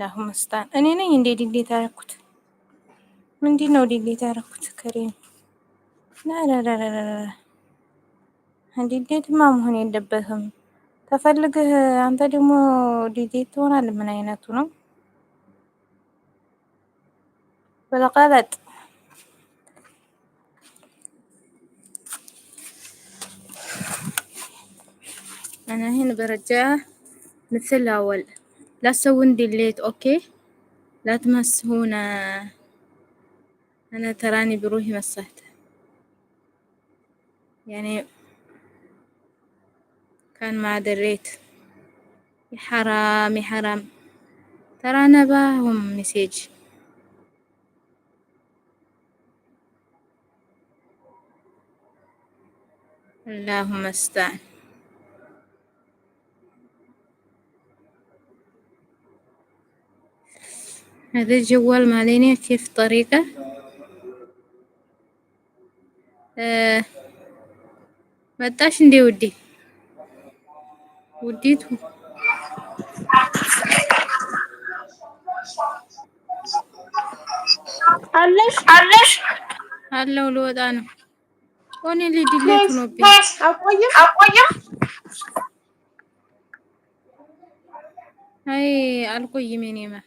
ላሁመስታን እኔ ነኝ እንዴ ዲሌት ያደረኩት? ምንድን ነው ዲሌት ያደረኩት? ከሬም ዲሌትማ መሆን የለበትም። ተፈልግህ አንተ ደግሞ ዲሌት ትሆናል። ምን አይነቱ ነው? በለቀለጥ أنا هنا برجع مثل الأول لا تسوون ديليت أوكي لا تمسهونا أنا تراني بروحي مسحته يعني كان ما دريت يا حرام يا حرام ترى أنا باهم مسج اللهم استعن هذا الجوال ماليني كيف طريقة آه. مطاش እንዴ ودي ውዴቱ አለሽ አለሽ አለው ልወጣ ነው። ሆኔ ሊድሌት ነው ቢ አቆየም አቆየም አይ አልቆይም የኔ ማር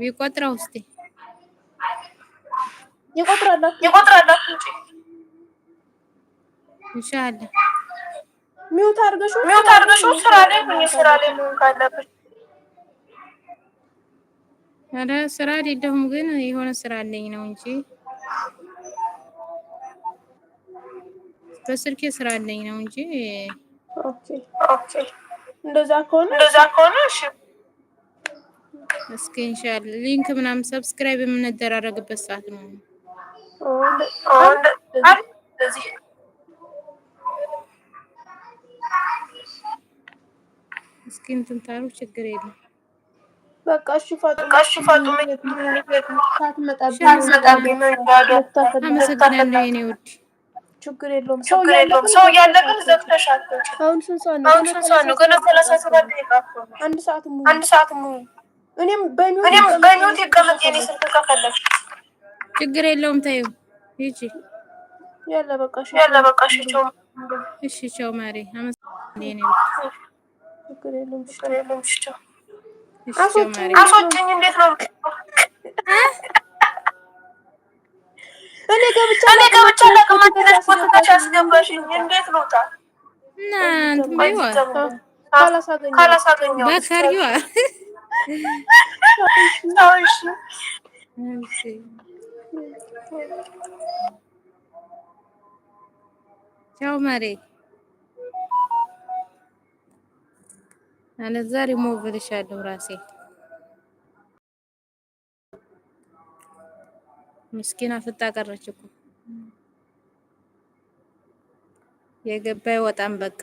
ቢቆጥረው እስቲ ይቆጥራላችሁ ይቆጥራላችሁ ኢንሻአላህ ሚውት አድርገሽው ሚውት አድርገሽው ስራ ላይ ሁኚ። ስራ ላይ መሆን ካለብሽ ኧረ ስራ አይደለሁም፣ ግን የሆነ ስራ አለኝ ነው እንጂ በስልኬ ስራ አለኝ ነው እንጂ ኦኬ ኦኬ። እንደዛ ከሆነ እንደዛ ከሆነ እሺ እስክንሻል ሊንክ ምናምን ሰብስክራይብ የምንደራረግበት ሰዓት ነው። እስኪ እንትን ችግር የለም። አመሰግናለሁ ውድ። ችግር የለውም። ሰው ዘግተሻል። አሁን ስንት ሰዓት ነው? ገና ሰላሳ ሰባት አንድ ሰዓት ሙሉ እኔም በሚውት ይቀመጥ የኔ ስልክ ከፈለግሽ ችግር የለውም። ያለ በቃሽ ያለ በቃሽ። ቸው እሺ፣ ቸው ማሪ እንዴት ነው እኔ ገብቻ እኔ ገብቻ እንዴት እና እንትን ካላሳገኘው ቻው መሬ አለዛ ሪሞቭ ልሻለሁ ራሴ ምስኪና ፍጣ ቀረች እኮ የገባ ወጣም በቃ